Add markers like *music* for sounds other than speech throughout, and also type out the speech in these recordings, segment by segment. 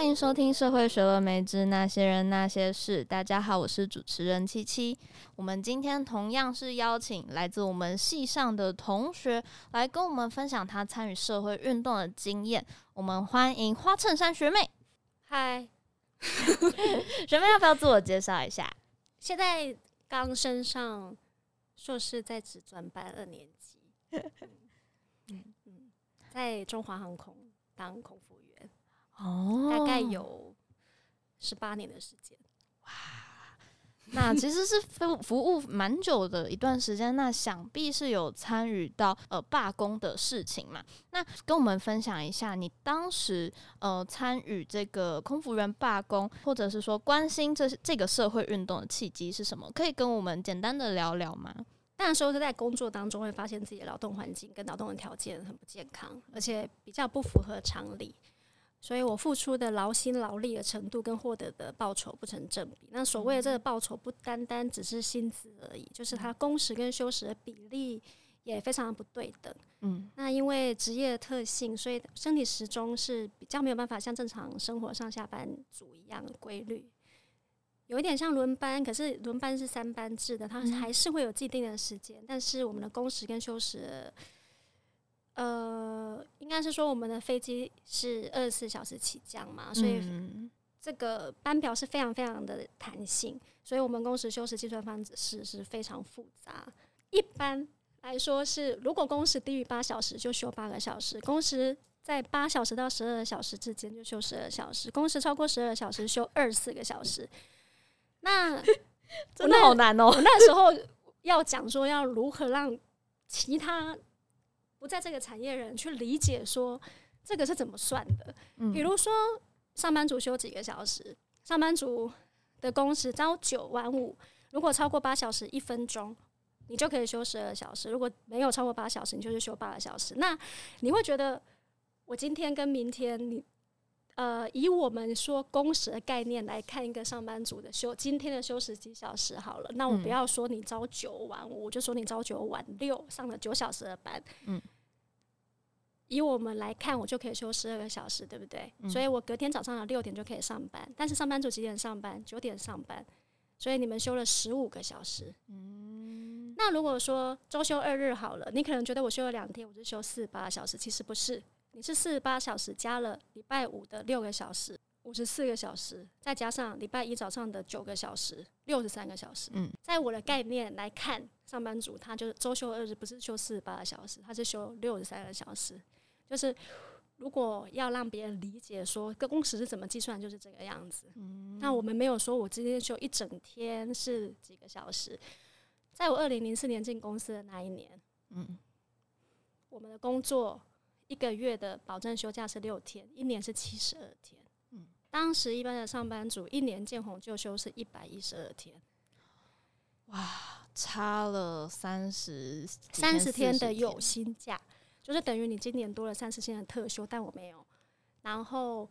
歡迎收聽《社會學了沒之那些人那些事》。大家好，我是主持人七七。我們今天同樣是邀請來自我們系上的同學來跟我們分享他參與社會運動的經驗。我們歡迎花襯衫學妹。嗨 *laughs* *laughs* 學妹要不要自我介紹一下？現在剛升上碩士在職專班二年級。 *laughs* 嗯嗯，在中華航空當空哦、oh，大概有十八年的時間。哇！那其實是服服務蠻久的一段時間， *laughs* 那想必是有參與到呃罷工的事情嘛？那跟我們分享一下，你當時呃參與這個空服員罷工，或者是說關心這這個社會運動的契機是什麼？可以跟我們簡單的聊聊嗎？那時候就在工作當中會發現自己的勞動環境跟勞動的條件很不健康，而且比較不符合常理。所以我付出的勞心勞力的程度跟獲得的報酬不成正比。那所謂的這個報酬不單單只是薪資而已，就是他工時跟休時的比例也非常的不對等。嗯，那因為職業特性，所以身體時鐘是比較沒有辦法像正常生活上下班組一樣的規律，有一點像輪班，可是輪班是三班制的，他還是會有既定的時間，但是我們的工時跟休時。呃，應該是說我們的飛機是二十四小時起降嘛，所以這個班表是非常非常的彈性，所以我們工時休時計算方式是非常複雜。一般來說是，如果工時低於八小時就休八個小時，工時在八小時到十二小時之間就休十二小時，工時超過十二小時休二十四個小時。那 *laughs* 真的好難哦那！ *laughs* 那時候要講說要如何讓其他。不在這個產業人去理解說這個是怎麼算的，比如說上班族休幾個小時，上班族的工時朝九晚五，如果超過八小時一分鐘，你就可以休十二小時；如果沒有超過八小時，你就是休八個小時。那你會覺得我今天跟明天你，你呃，以我們說工時的概念來看一個上班族的休，今天的休十幾小時好了，那我不要說你朝九晚五，我就說你朝九晚六上了九小時的班，嗯。以我們來看，我就可以休十二個小時，對不對？嗯、所以我隔天早上的六點就可以上班。但是上班族幾點上班？九點上班。所以你們休了十五個小時。嗯。那如果說周休二日好了，你可能覺得我休了兩天，我就休四十八小時，其實不是。你是四十八小時加了禮拜五的六個小時，五十四個小時，再加上禮拜一早上的九個小時，六十三個小時、嗯。在我的概念來看，上班族他就是周休二日，不是休四十八小時，他是休六十三個小時。就是，如果要讓別人理解說，個工時是怎麼計算，就是這個樣子、嗯。那我們沒有說我今天休一整天是幾個小時。在我二零零四年進公司的那一年，嗯，我們的工作一個月的保證休假是六天，一年是七十二天。嗯，當時一般的上班族一年見紅就休是一百一十二天。哇，差了三十三十天的有薪假。就是等於你今年多了三十天的特休，但我沒有，然後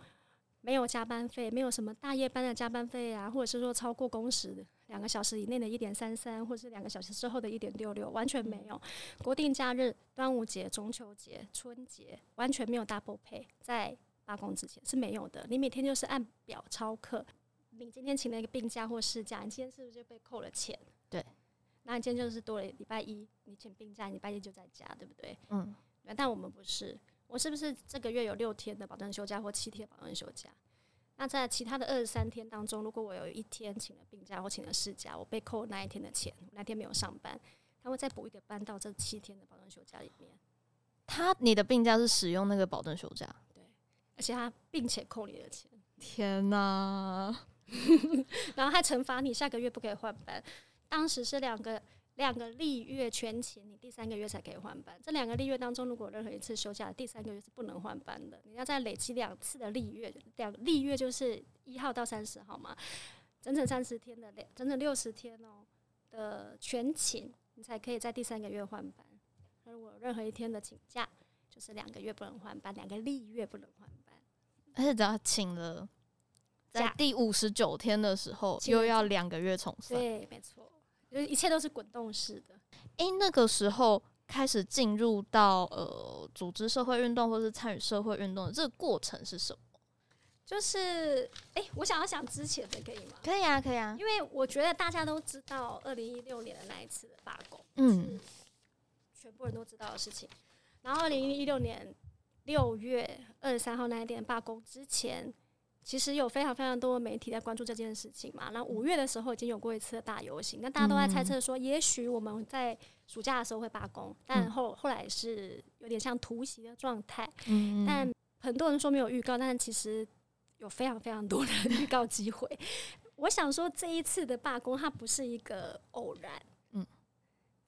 沒有加班費，沒有什麼大夜班的加班費啊，或者是說超過工時兩個小時以內的一點三三，或是兩個小時之後的一點六六，完全沒有。國定假日、端午節、中秋節、春節，完全沒有 double pay，在罷工之前是沒有的。你每天就是按表操課。你今天請了一個病假或事假，你今天是不是就被扣了錢？對。那你今天就是多了禮拜一，你請病假，禮拜一就在家，對不對？嗯。但我們不是，我是不是這個月有六天的保證休假或七天保證休假？那在其他的二十三天當中，如果我有一天請了病假或請了事假，我被扣那一天的錢，我那天沒有上班，他會再補一個班到這七天的保證休假裡面。他你的病假是使用那個保證休假，對，而且他並且扣你的錢。天吶、啊， *laughs* 然後還懲罰你下個月不可以換班。當時是兩個。兩個曆月全勤，你第三個月才可以換班。這兩個曆月當中，如果任何一次休假，第三個月是不能換班的。你要再累積兩次的曆月，兩曆月就是一號到三十號嘛，整整三十天的，整整六十天哦的全勤，你才可以在第三個月換班。如果任何一天的請假，就是兩個月不能換班，兩個曆月不能換班。而且只要請了，在第五十九天的時候，又要兩個月重算。對，沒錯。一切都是滾動式的。誒，那個時候開始進入到呃，組織社會運動或是參與社會運動的這個過程是什麼？就是誒，我想要想之前的可以嗎？可以啊，可以啊。因為我覺得大家都知道二零一六年的那一次罷工，嗯，全部人都知道的事情。然後二零一六年六月二十三號那一天罷工之前，其實有非常非常多媒體在關注這件事情嘛。那五月的時候已經有過一次的大遊行，那大家都在猜測說，也許我們在暑假的時候會罷工，但後後來是有點像突襲的狀態，嗯。但很多人說沒有預告，但其實有非常非常多的預告機會。我想說這一次的罷工，它不是一個偶然。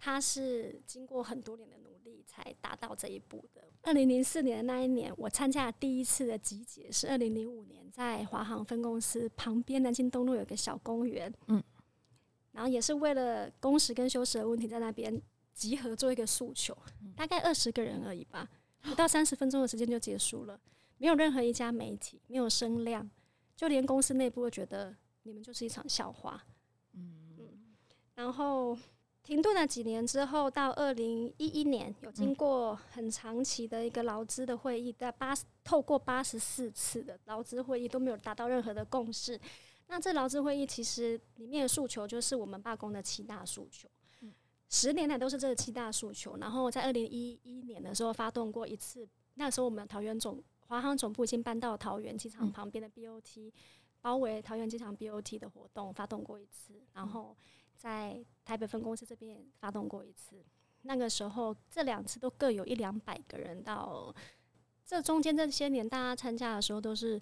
他是經過很多年的努力才達到這一步的。二零零四年的那一年，我參加第一次的集結是2005，是二零零五年在華航分公司旁邊南京東路有個小公園，嗯，然後也是為了工時跟休息的問題，在那邊集合做一個訴求，嗯、大概二十個人而已吧，不到三十分鐘的時間就結束了，沒有任何一家媒體，沒有聲量，就連公司內部都覺得你們就是一場笑話，嗯，然後。停頓了幾年之後，到二零一一年，有經過很長期的一個勞資的會議，在八透過八十四次的勞資會議都沒有達到任何的共識。那這勞資會議其實裡面的訴求就是我們罷工的七大訴求，嗯，十年來都是這七大訴求。然後在二零一一年的時候，發動過一次，那時候我們桃園總華航總部已經搬到桃園機場旁邊的 BOT，嗯，包圍桃園機場 BOT 的活動發動過一次，然後。在台北分公司這邊也發動過一次，那個時候這兩次都各有一兩百個人到。這中間這些年，大家參加的時候都是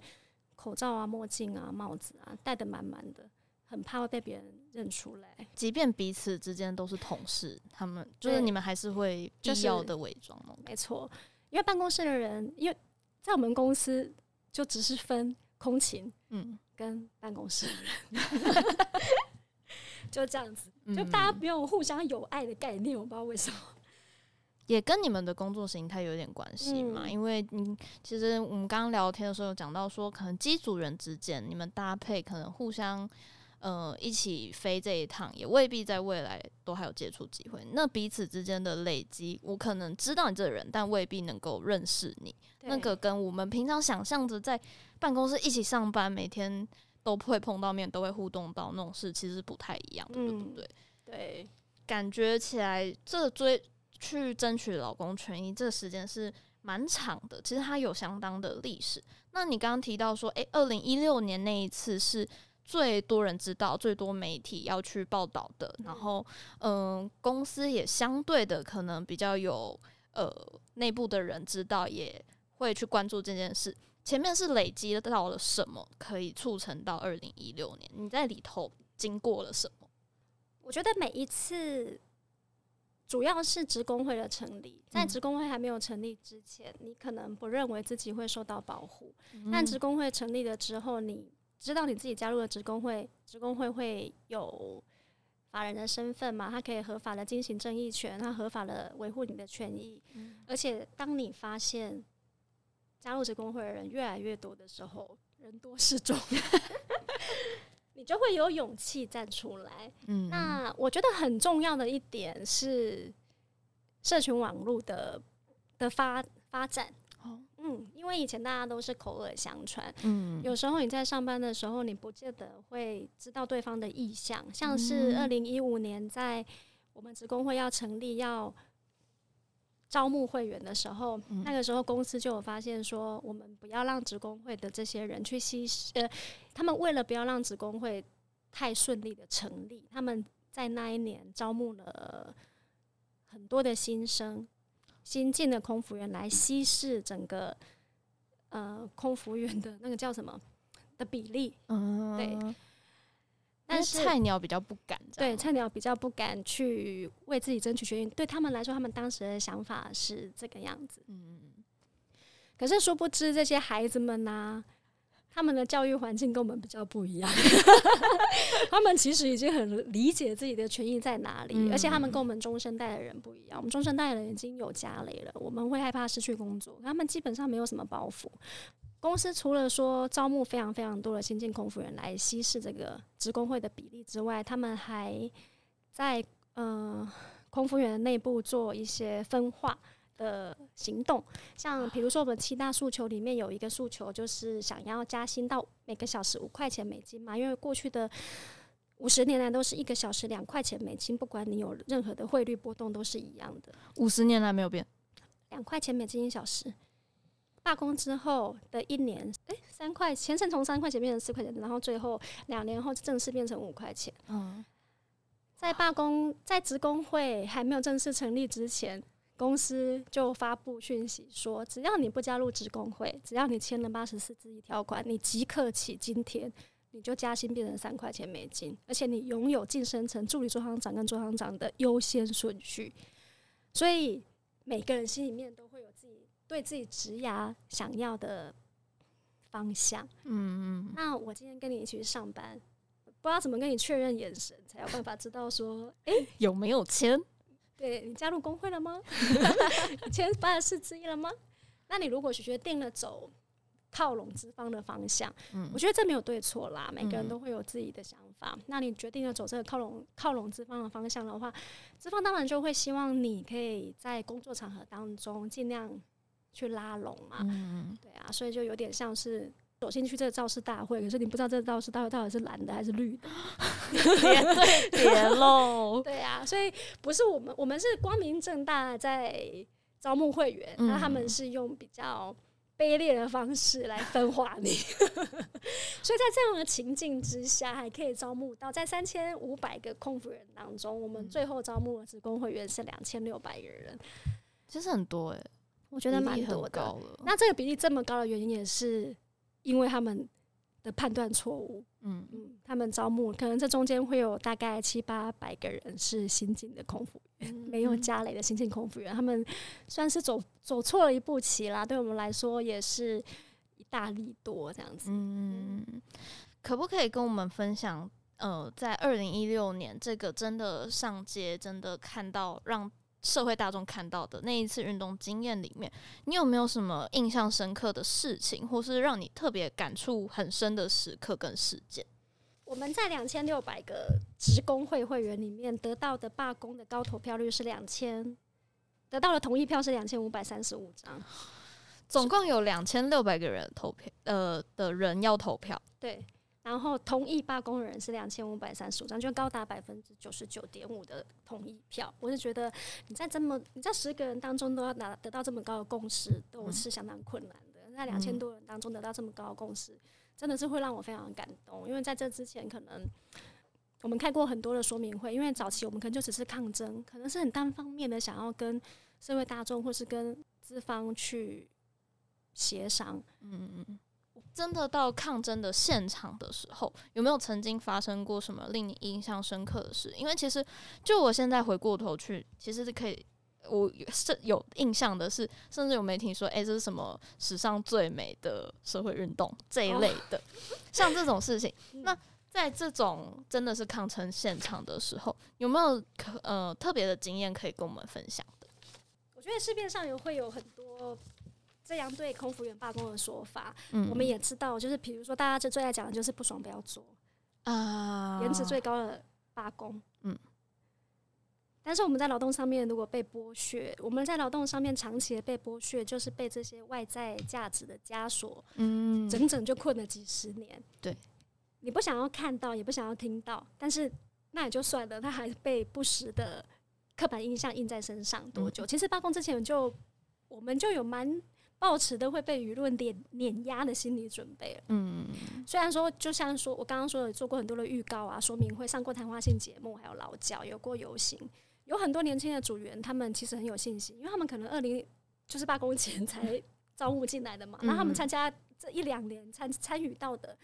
口罩啊、墨鏡啊、帽子啊戴得滿滿的，很怕會被別人認出來。即便彼此之間都是同事，他們就是你們還是會必要的偽裝嗎？就是、沒錯，因為辦公室的人，因為在我們公司就只是分空勤，嗯，跟辦公室的人。嗯 *laughs* 就這樣子，就大家不用互相有愛的概念。嗯，我不知道為什麼。也跟你們的工作形態有點關係嘛。嗯，因為嗯，其實我們剛剛聊天的時候有講到說，可能機組人之間你們搭配，可能互相嗯、呃、一起飛這一趟，也未必在未來都還有接觸機會。那彼此之間的累積，我可能知道你這個人，但未必能夠認識你。那個跟我們平常想象着在辦公室一起上班，每天。都會碰到面，都會互動到那種事，其實不太一樣，對、嗯、不對？對，感覺起來這追去爭取勞工權益，這時間是蠻長的。其實它有相當的歷史。那你剛剛提到說，誒二零一六年那一次是最多人知道、最多媒體要去報道的，嗯、然後，嗯、呃，公司也相對的可能比較有呃內部的人知道，也會去關注這件事。前面是累積到了什麼，可以促成到二零一六年？你在裡頭經過了什麼？我覺得每一次，主要是職工會的成立。在、嗯、職工會還沒有成立之前，你可能不認為自己會受到保護、嗯，但職工會成立了之後，你知道你自己加入了職工會，職工會會有法人的身份嘛，他可以合法的進行爭議權，他合法的維護你的權益。嗯、而且，當你發現，加入職工會的人越來越多的時候，人多勢眾，你就會有勇氣站出來。嗯、嗯，那我覺得很重要的一點是，社群網絡的的發發展。哦、嗯，因為以前大家都是口耳相傳，嗯、嗯，有時候你在上班的時候，你不見得會知道對方的意向，像是二零一五年在我們職工會要成立要，招募會員的時候，那個時候公司就有發現說，我們不要讓職工會的這些人去稀釋。呃，他們為了不要讓職工會太順利的成立，他們在那一年招募了很多的新生、新進的空服員來稀釋整個，呃，空服員的那個叫什麼的比例，嗯、對。但是菜鳥比較不敢，對，菜鳥比較不敢去為自己爭取權益。對他們來說，他們當時的想法是這個樣子。嗯，可是殊不知這些孩子們吶、啊，他們的教育環境跟我們比較不一樣。 *laughs* 他們其實已經很理解自己的權益在哪裡，嗯、而且他們跟我們中生代的人不一樣。我們中生代的人已經有家累了，我們會害怕失去工作，他們基本上沒有什麼包袱。公司除了說招募非常非常多的新進空服員來稀釋這個職工會的比例之外，他們還在嗯、呃、空服員內部做一些分化的行動，像比如說我們七大訴求裡面有一個訴求就是想要加薪到每個小時五塊錢美金嘛，因為過去的五十年來都是一個小時兩塊錢美金，不管你有任何的匯率波動都是一樣的，五十年來沒有變，兩塊錢美金一小時。罷工之後的一年，哎、欸，三塊錢，從三塊錢變成四塊錢，然後最後兩年後正式變成五塊錢。嗯，在罷工在職工會還沒有正式成立之前，公司就發布訊息說，只要你不加入職工會，只要你簽了八十四字一條款，你即刻起今天你就加薪變成三塊錢美金，而且你擁有晉升成助理座艙長跟座艙長的優先順序。所以每個人心裡面都。對自己職涯想要的方向，嗯嗯。那我今天跟你一起去上班，不知道怎麼跟你確認眼神，才有辦法知道說，誒、欸，有沒有簽？對你加入工會了嗎？簽 *laughs* *laughs* 八四之一了嗎？那你如果決定了走靠攏資方的方向、嗯，我覺得這沒有對錯啦，每個人都會有自己的想法。嗯、那你決定了走這個靠攏靠攏資方的方向的話，資方當然就會希望你可以在工作場合當中盡量。去拉攏嘛、嗯，對啊，所以就有點像是走進去這個造勢大會，可是你不知道這個造勢大會到底是藍的還是綠的，別 *laughs* 露。 *laughs* 對，對， *laughs* *laughs* 對啊，所以不是我們，我們是光明正大在招募會員，那、嗯、他們是用比較卑劣的方式來分化你。 *laughs* 所以在這樣的情境之下，還可以招募到在三千五百個空服人當中，我們最後招募的職工會員是兩千六百個人，其實很多哎、欸。我覺得蠻多的、的。那這個比例這麼高的原因也是因為他們的判斷錯誤。嗯嗯，他們招募可能這中間會有大概七八百個人是新進的空服員，沒有家累的新進空服員，他們算是走走錯了一步棋啦。對我們來說也是一大利多這樣子。嗯，可不可以跟我們分享？呃，在二零一六年，這個真的上街真的看到讓。社會大眾看到的那一次運動經驗裡面，你有沒有什麼印象深刻的事情，或是讓你特別感觸很深的時刻跟事件？我們在兩千六百個職工會會員裡面得到的罷工的高投票率是兩千，得到的同意票是兩千五百三十五張，總共有兩千六百個人投票，呃，的人要投票，對。然後同意罷工的人是兩千五百三十五張，就高達百分之九十九點五的同意票。我是覺得你在這麼你在十個人當中都要拿得到這麼高的共識，都是相當困難的。在兩千多人當中得到這麼高的共識，真的是會讓我非常感動。因為在這之前，可能我們開過很多的說明會，因為早期我們可能就只是抗爭，可能是很單方面的想要跟社會大眾或是跟資方去協商。嗯嗯。真的到抗爭的現場的時候，有沒有曾經發生過什麼令你印象深刻的事？因為其實就我現在回過頭去，其實是可以，我是有印象的是，是甚至有媒體說，哎、欸，這是什麼史上最美的社會運動這一類的，哦、像這種事情。 *laughs* 那在這種真的是抗爭現場的時候，有沒有可呃特別的經驗可以跟我們分享的？我覺得市面上也會有很多。這樣對空服員罷工的說法，嗯，我們也知道，就是比如說大家就最愛講的就是不爽不要做啊，顏、呃、值最高的罷工，嗯。但是我們在勞動上面如果被剝削，我們在勞動上面長期的被剝削，就是被這些外在價值的枷鎖，嗯，整整就困了幾十年。對，你不想要看到，也不想要聽到，但是那也就算了，他還被不時的刻板印象印在身上多久？嗯、其實罷工之前就我們就有蠻。抱持都會被輿論碾碾壓的心理準備。嗯，雖然說，就像說我剛剛說的，做過很多的預告啊，說明會，上過談話性節目，還有勞教，有過遊行，有很多年輕的組員，他們其實很有信心，因為他們可能二零就是罷工前才招募進來的嘛。 *laughs* 嗯、然後他們參加這一兩年參參與到的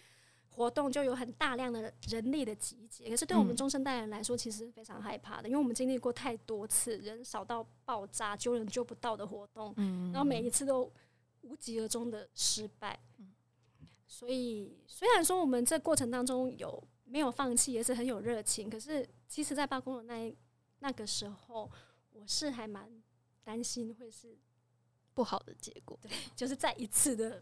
活動，就有很大量的人力的集結。可是對我們中生代人來說，其實非常害怕的，嗯、因為我們經歷過太多次人少到爆炸，揪人揪不到的活動。嗯、然後每一次都。無疾而終的失敗，所以雖然說我們這過程當中有沒有放棄，也是很有熱情，可是其實，在辦公的那一那個時候，我是還蠻擔心會是不好的結果，對，就是再一次的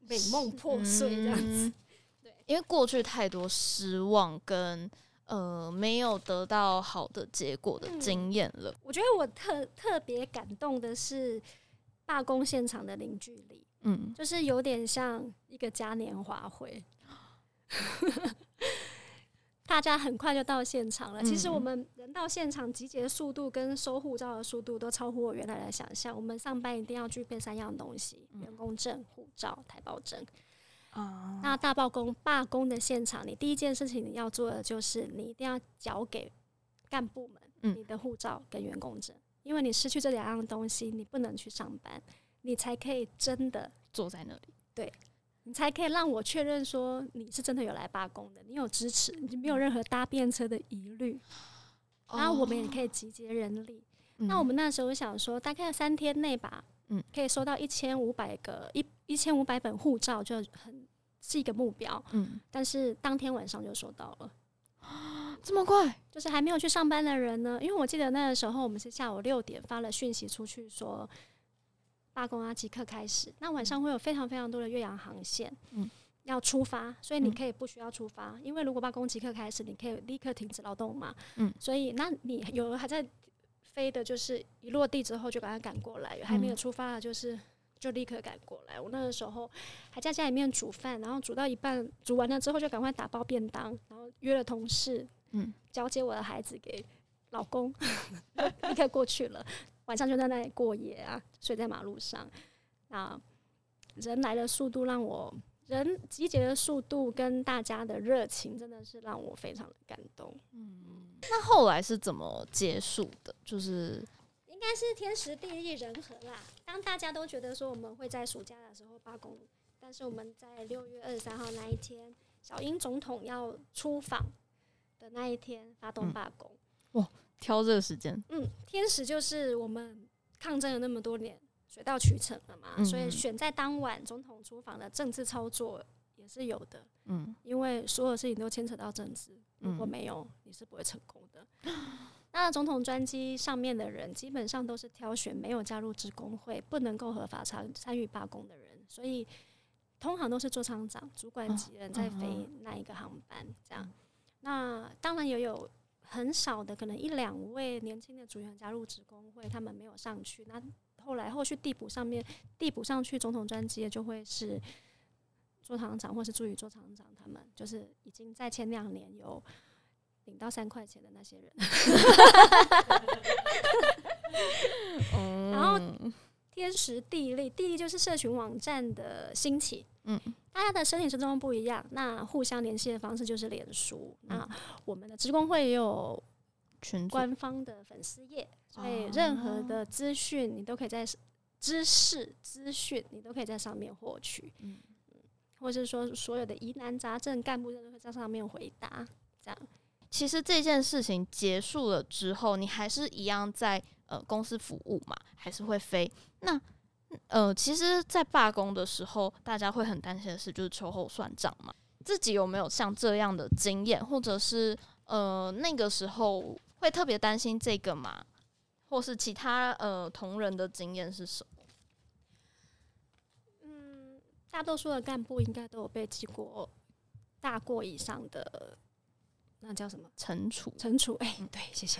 美夢破碎這樣子、嗯，對，因為過去太多失望跟呃沒有得到好的結果的經驗了、嗯。我覺得我特特別感動的是。罷工現場的凝聚力，嗯，就是有點像一個嘉年華會， *laughs* 大家很快就到現場了嗯嗯，其實我們人到現場集結的速度跟收護照的速度都超乎我原來的想象。我們上班一定要具備三樣東西：員工證、護照、台胞證、嗯。那大罷工罷工的現場，你第一件事情你要做的就是，你一定要繳給幹部們，你的護照跟員工證。嗯因為你失去這兩樣東西，你不能去上班，你才可以真的坐在那裡。對，你才可以讓我確認說你是真的有來罷工的，你有支持，你沒有任何搭便車的疑慮、嗯。然後我們也可以集結人力。哦、那我們那時候想說，大概三天內吧、嗯，可以收到一千五百個一一千五百本護照，就很是一個目標、嗯。但是當天晚上就收到了。這麼快，就是還沒有去上班的人呢，因為我記得那個時候，我們是下午六點發了訊息出去說罷工啊，即刻開始。那晚上會有非常非常多的越洋航線，嗯，要出發，所以你可以不需要出發，嗯、因為如果罷工即刻開始，你可以立刻停止勞動嘛，嗯，所以那你有人還在飛的，就是一落地之後就趕快趕過來、嗯，還沒有出發的，就是就立刻趕過來。我那個時候還在家裡面煮飯，然後煮到一半，煮完了之後就趕快打包便當，然後約了同事。嗯，交接我的孩子給老公，應 *laughs* 該 *laughs* 過去了。晚上就在那裡過夜啊，睡在馬路上。那、啊、人來的速度讓我人集結的速度跟大家的熱情，真的是讓我非常的感動。嗯，那後來是怎麼結束的？就是應該是天時地利人和啦。當大家都覺得說我們會在暑假的時候罷工，但是我們在六月二十三號那一天，小英總統要出訪，的那一天發動罷工、嗯，哇，挑這個時間，嗯，天使就是我們抗爭了那麼多年，水到渠成了嘛、嗯，所以選在當晚，總統出訪的政治操作也是有的，嗯，因為所有事情都牽扯到政治，如果沒有，你是不會成功的。嗯、那總統專機上面的人基本上都是挑選沒有加入職工會、不能夠合法參參與罷工的人，所以通常都是座艙長、主管級人在飛那一個航班，啊啊、這樣。那當然也有很少的，可能一兩位年輕的組員加入職工會，他們沒有上去。那後來後續遞補上面遞補上去，總統專機也就會是做堂長，或是助理做堂長。他們就是已經在前兩年有領到三塊錢的那些人。 *laughs* *laughs* *laughs* *laughs* um、然後天時地利，地利就是社群網站的興起。嗯，大家的生理時鐘不一樣，那互相聯繫的方式就是臉書、嗯。那我們的職工會也有群官方的粉絲頁，所以任何的資訊你都可以在知識資訊你都可以在上面獲取。嗯，或者是說所有的疑難雜症，幹部都會在上面回答。這樣，其實這件事情結束了之後，你還是一樣在呃公司服務嘛，還是會飛那。呃，其實，在罷工的時候，大家會很擔心的事就是秋後算賬嘛。自己有沒有像這樣的經驗，或者是呃那個時候會特別擔心這個嘛，或是其他呃同仁的經驗是什麼？嗯，大多數的幹部應該都有被記過大過以上的。那叫什麼？懲處，懲處。哎、欸嗯，對，謝謝。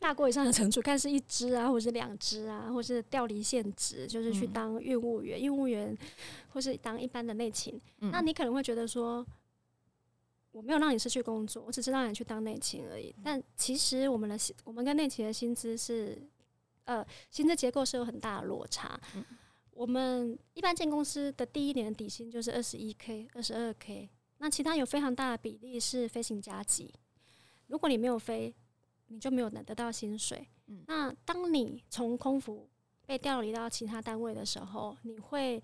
大過以上的懲處，看是一支啊，或是兩支啊，或是調離現職，就是去當運務員，運、嗯、務員，或是當一般的內勤、嗯。那你可能會覺得說，我沒有讓你失去工作，我只是讓你去當內勤而已、嗯。但其實我們的薪，我們跟內勤的薪資是，呃，薪資結構是有很大的落差。嗯、我們一般進公司的第一年的底薪就是二十一 k、二十二 k。那其他有非常大的比例是飛行加給，如果你沒有飛，你就沒有能得到薪水、嗯。那當你從空服被調離到其他單位的時候，你會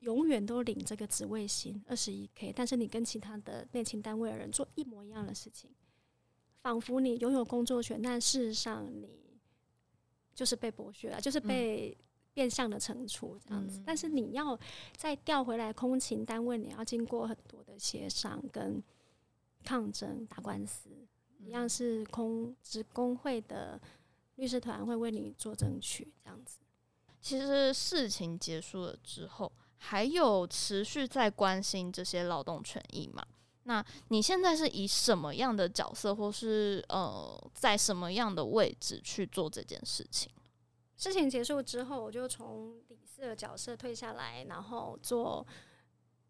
永遠都領這個職位薪二十一 k，但是你跟其他的內勤單位的人做一模一樣的事情，仿佛你擁有工作權，但事實上你就是被剝削了，就是被。變相的懲處這樣子，嗯，但是你要再調回來空勤單位，你要經過很多的協商、跟抗爭、打官司，嗯，一樣是空職工會的律師團會為你做爭取這樣子。其實事情結束了之後，還有持續在關心這些勞動權益嗎？那你現在是以什麼樣的角色，或是呃，在什麼樣的位置去做這件事情？事情結束之後，我就從理事的角色退下來，然後做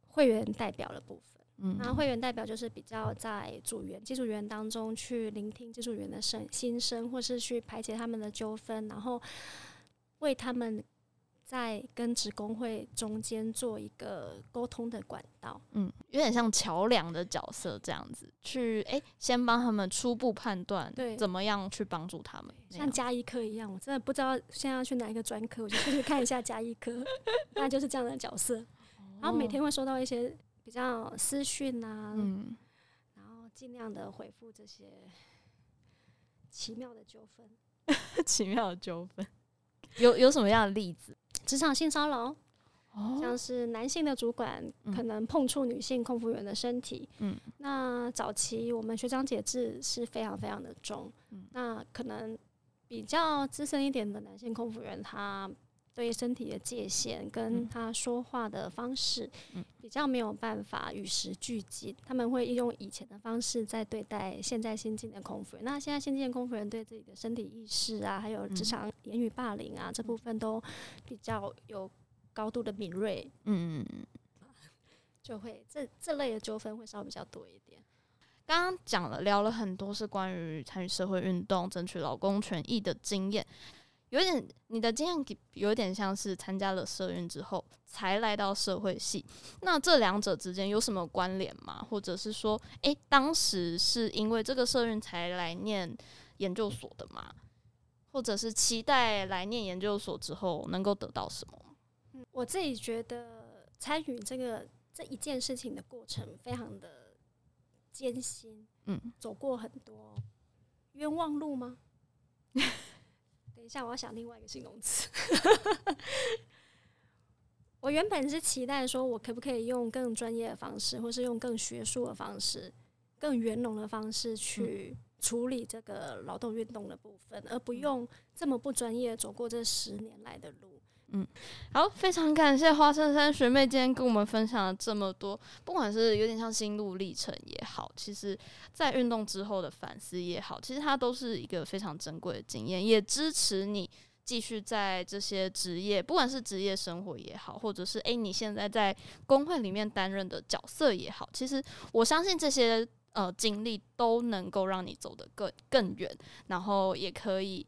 會員代表的部分。嗯，然後會員代表就是比較在組員、技術員當中去聆聽技術員的聲心聲，或是去排解他們的糾紛，然後為他們，在跟職工會中間做一個溝通的管道，嗯，有點像橋樑的角色這樣子，去哎、欸，先幫他們初步判斷，對，怎麼樣去幫助他們，像家醫科一樣，我真的不知道現在要去哪一個專科，我就去看一下家醫科， *laughs* 那就是這樣的角色。然後每天會收到一些比較私訊啊，嗯，然後盡量的回復這些奇妙的糾紛， *laughs* 奇妙的糾紛。有有什麼樣的例子？職場性騷擾，像是男性的主管可能碰觸女性空服員的身體，那早期我們學長姐制是非常非常的重，那可能比較資深一點的男性空服員他。對身體的界限跟他說話的方式，嗯、比較沒有辦法與時俱進、嗯。他們會用以前的方式在對待現在新進的空服員。那現在新進的空服員對自己的身體意識啊，還有職場言語霸凌啊、嗯、這部分都比較有高度的敏銳，嗯，就會這這類的糾紛會稍微比較多一點。剛剛講了聊了很多是關於參與社會運動、爭取勞工權益的經驗。有點，你的經驗有點像是參加了社運之後才來到社會系，那這兩者之間有什麼關聯嗎？或者是說，誒、欸，當時是因為這個社運才來念研究所的嗎？或者是期待來念研究所之後能夠得到什麼？嗯，我自己覺得參與這個這一件事情的過程非常的艱辛，嗯，走過很多冤枉路嗎？ *laughs* 等一下，我要想另外一個形容詞。 *laughs* 我原本是期待說，我可不可以用更專業的方式，或是用更學術的方式，更圓融的方式去處理這個勞動運動的部分，而不用這麼不專業走過這十年來的路。嗯，好，非常感謝花襯衫學妹今天跟我們分享了這麼多，不管是有點像心路歷程也好，其實在運動之後的反思也好，其實它都是一個非常珍貴的經驗，也支持你繼續在這些職業，不管是職業生活也好，或者是誒、欸，你現在在工會裡面擔任的角色也好，其實我相信這些呃經歷都能夠讓你走得更更遠，然後也可以。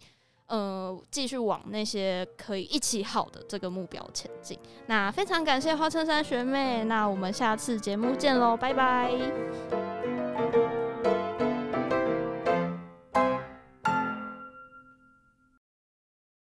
呃，繼續往那些可以一起好的這個目標前進。那非常感謝花襯衫學妹，那我們下次節目見嘍，拜拜。